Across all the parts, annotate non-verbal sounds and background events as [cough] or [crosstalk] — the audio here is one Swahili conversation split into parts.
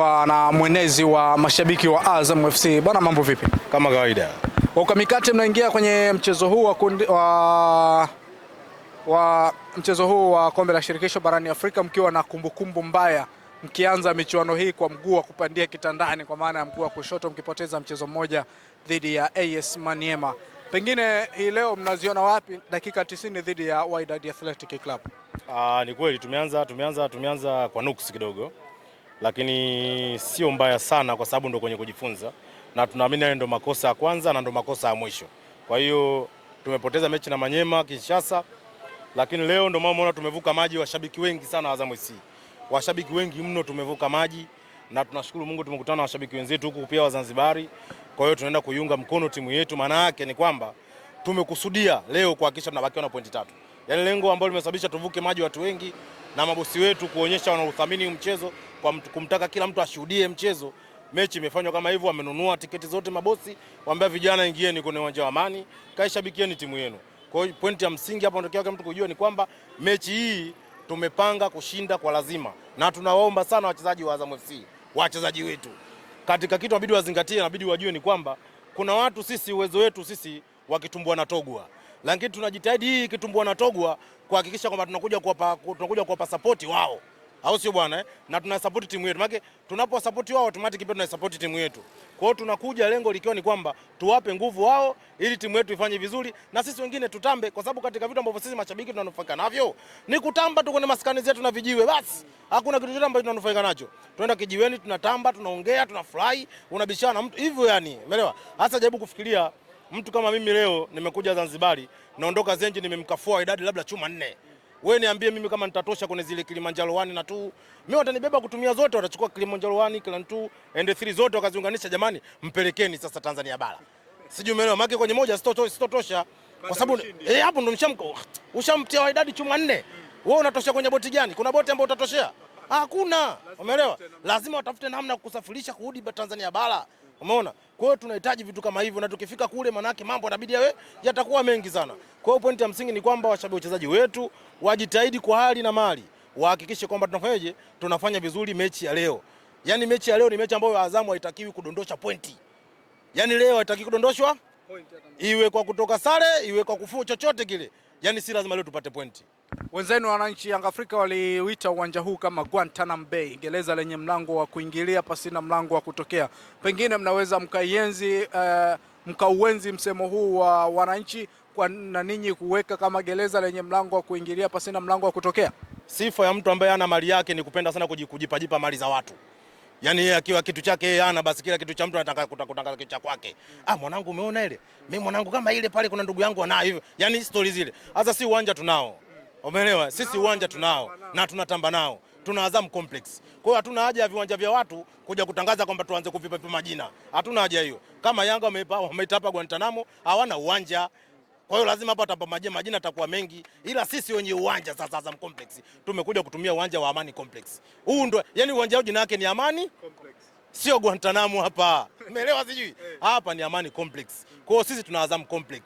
tukiwa na mwenezi wa mashabiki wa Azam FC. Bwana, mambo vipi? Kama kawaida. Kwa ukamikati mnaingia kwenye mchezo huu wa, kundi, wa, wa mchezo huu wa kombe la shirikisho barani Afrika mkiwa na kumbukumbu kumbu mbaya mkianza michuano hii kwa mguu wa kupandia kitandani kwa maana ya mguu wa kushoto mkipoteza mchezo mmoja dhidi ya AS Maniema. Pengine hii leo mnaziona wapi dakika 90 dhidi ya Wydad Athletic Club? Ah, ni kweli tumeanza tumeanza tumeanza kwa nuks kidogo lakini sio mbaya sana, kwa sababu ndo kwenye kujifunza, na tunaamini hayo ndo makosa ya kwanza na ndo makosa ya mwisho. Kwa hiyo tumepoteza mechi na Manyema Kinshasa, lakini leo ndo maana umeona tumevuka maji, washabiki wengi sana wa Azam FC, washabiki wengi mno, tumevuka maji na tunashukuru Mungu, tumekutana na washabiki wenzetu huku pia wa Wazanzibari. Kwa hiyo tunaenda kuiunga mkono timu yetu, maana yake ni kwamba tumekusudia leo kuhakikisha tunabakiwa na pointi tatu, yaani lengo ambalo limesababisha tuvuke maji watu wengi na mabosi wetu kuonyesha wanauthamini mchezo kwa mtu, kumtaka kila mtu ashuhudie mchezo. Mechi imefanywa kama hivyo, wamenunua tiketi zote mabosi, waambia vijana, ingieni kwenye uwanja wa Amani, kaishabikieni timu yenu. Kwa hiyo pointi ya msingi hapa ndio kila mtu kujua ni kwamba mechi hii tumepanga kushinda kwa lazima, na tunawaomba sana wachezaji wa Azam FC, wachezaji wetu, katika kitu inabidi wazingatie, inabidi wajue ni kwamba kuna watu sisi uwezo wetu sisi wakitumbua na togwa, lakini tunajitahidi hii kitumbua na togwa kuhakikisha kwamba tunakuja kuwapa tunakuja kuwapa support wao, au sio bwana eh? Na tuna support timu yetu, maana tunapo support wao automatic pia tuna support timu yetu. Kwa hiyo tunakuja lengo likiwa ni kwamba tuwape nguvu wao ili timu yetu ifanye vizuri na sisi wengine tutambe, kwa sababu katika vitu ambavyo sisi mashabiki tunanufaika navyo ni kutamba tu kwenye maskani zetu na vijiwe. Basi hakuna kitu chochote ambacho tunanufaika nacho. Tunaenda kijiweni, tunatamba, tunaongea, tunafurahi, unabishana na mtu hivyo, yani umeelewa? Hasa jaribu kufikiria Mtu kama mimi leo nimekuja Zanzibari, naondoka Zenji, nimemkafua idadi labda chuma nne. Wewe niambie mimi kama nitatosha kwenye zile Kilimanjaro 1 na 2. Mimi watanibeba kutumia zote, watachukua Kilimanjaro 1, Kilimanjaro 2 and 3 zote wakaziunganisha, jamani, mpelekeni sasa Tanzania bara. Sijui umeelewa, maki kwenye moja sitotosha kwa sababu eh, hapo ndo mshamko. Ushamtia idadi chuma nne. Wewe unatosha kwenye boti gani? Kuna boti ambayo utatoshea? Hakuna. Umeelewa? Lazima watafute namna ya kusafirisha kurudi Tanzania bara. Umeona? Kwa hiyo tunahitaji vitu kama hivyo na tukifika kule manake mambo yanabidi yawe yatakuwa mengi sana. Kwa hiyo pointi ya msingi ni kwamba washabiki wachezaji wetu wajitahidi kwa hali na mali, wahakikishe kwamba tunafanyaje? Tunafanya vizuri mechi ya leo. Yaani mechi ya leo ni mechi ambayo Azamu haitakiwi kudondosha pointi. Yaani leo haitakiwi kudondoshwa pointi, iwe kwa kutoka sare, iwe kwa kufua chochote kile. Yaani si lazima leo tupate pointi. Wenzenu wananchi Yanga Afrika waliuita uwanja huu kama Guantanamo Bay, gereza lenye mlango wa kuingilia pasina mlango wa kutokea. Pengine mnaweza mkaienzi uh, mkauenzi msemo huu wa uh, wananchi kwa na ninyi kuweka kama gereza lenye mlango wa kuingilia pasina mlango wa kutokea. Sifa ya mtu ambaye ana mali yake ni kupenda sana kujipajipa mali za watu. Yaani yeye akiwa kitu chake yeye hana basi kila kitu cha mtu anataka kutangaza kitu cha kwake. Ah, mwanangu umeona ile? Mimi mwanangu kama ile pale kuna ndugu yangu anayo hivyo. Yaani stories zile. Sasa si uwanja tunao. Umeelewa? Sisi uwanja tunao na tunatamba nao, tuna Azam Complex. Kwa hiyo hatuna haja ya viwanja vya watu kuja kutangaza kwamba tuanze kuvipa vipa majina, hatuna haja hiyo. Kama Yanga wameitapa hapa Guantanamo, hawana uwanja kwa hiyo lazima hapa atapa majina, majina atakuwa mengi, ila sisi wenye uwanja sasa Azam Complex tumekuja kutumia uwanja wa Amani Complex. Huu ndo yani uwanja wao jina yake ni Amani Complex, sio Guantanamo hapa, [laughs] umeelewa? Sijui eh. hapa ni Amani Complex. Kwa hiyo sisi tuna Azam Complex,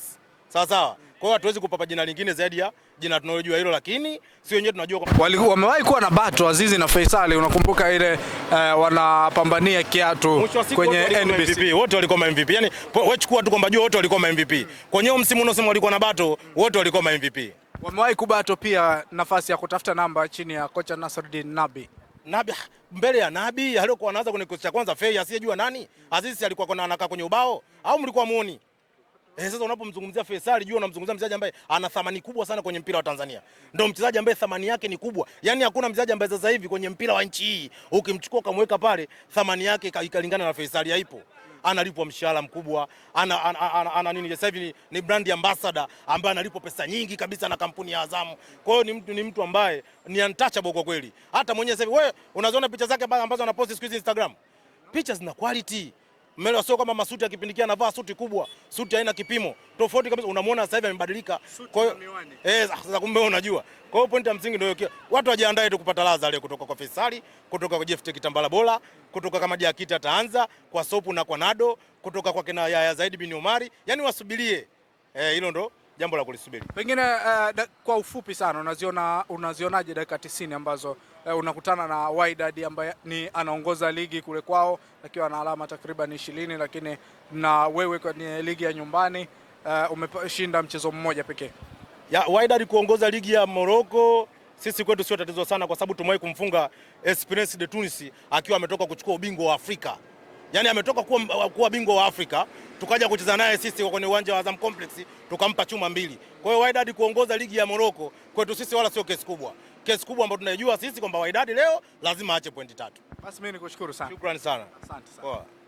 sawa sawa. Kwa hiyo hatuwezi kupapa jina lingine zaidi ya jina tunalojua hilo, lakini si wenyewe tunajua walikuwa wamewahi kuwa na bato Azizi na Faisal. unakumbuka ile uh, wanapambania kiatu kwenye NBC, wote walikuwa ma MVP. Yani wewe chukua tu kwamba jua wote walikuwa ma MVP kwenye msimu unaosema walikuwa na bato, wote walikuwa ma MVP. Wamewahi kubato pia nafasi ya kutafuta namba chini ya kocha Nasruddin Nabi Nabi mbele ya Nabi aliyokuwa anaanza kwenye kikosi cha kwanza, Fei asiyejua nani, Azizi alikuwa anakaa kwenye ubao au mlikuwa muoni? Eh, sasa unapomzungumzia Faisal jua unamzungumzia mchezaji ambaye ana thamani kubwa sana kwenye mpira wa Tanzania. Ndio mchezaji ambaye thamani yake ni kubwa. Yaani hakuna mchezaji ambaye sasa hivi kwenye mpira wa nchi hii ukimchukua ukamweka pale thamani yake ikalingana na Faisal haipo. Analipwa mshahara mkubwa, ana, ana, ana, ana, ana nini sasa hivi ni, ni brand ambassador ambaye analipwa pesa nyingi kabisa na kampuni ya Azam. Kwa hiyo ni mtu ni mtu ambaye ni untouchable kwa kweli. Hata mwenyewe sasa hivi wewe unaziona picha zake ambazo anaposti siku hizi Instagram. Picha zina quality. Melo sio kama masuti ya kipindi kile anavaa suti kubwa, suti haina kipimo. Tofauti kabisa unamuona sasa hivi amebadilika. Kwa hiyo eh, sasa kumbe unajua. Kwa hiyo point ya msingi ndio hiyo. Watu wajiandae tu kupata ladha leo kutoka kwa Faisal, kutoka kwa Jeff Kitambala Bola, kutoka kama Jackie ataanza, kwa Sopu na kwa Nado, kutoka kwa kina Yaya Zaidi bin Omari. Yaani wasubirie. Eh, hilo ndo jambo la kulisubiri. Pengine uh, da, kwa ufupi sana unaziona unazionaje dakika 90 ambazo eh, unakutana na Wydad ambaye ni anaongoza ligi kule kwao akiwa na alama takriban ishirini, lakini na wewe kwenye ligi ya nyumbani eh, umeshinda mchezo mmoja pekee. Ya Wydad kuongoza ligi ya Morocco sisi kwetu sio tatizo sana, kwa sababu tumewahi kumfunga Esperance de Tunis akiwa ametoka kuchukua ubingwa wa Afrika, yaani ametoka kuwa, kuwa bingwa wa Afrika, tukaja kucheza naye sisi kwenye uwanja wa Azam Complex tukampa chuma mbili. Kwa hiyo Wydad kuongoza ligi ya Morocco kwetu sisi wala sio kesi kubwa kesi kubwa ambayo tunaijua sisi kwamba Wydad leo lazima aache pointi tatu. Basi mimi nikushukuru sana. Shukrani sana. Asante sana. Poa.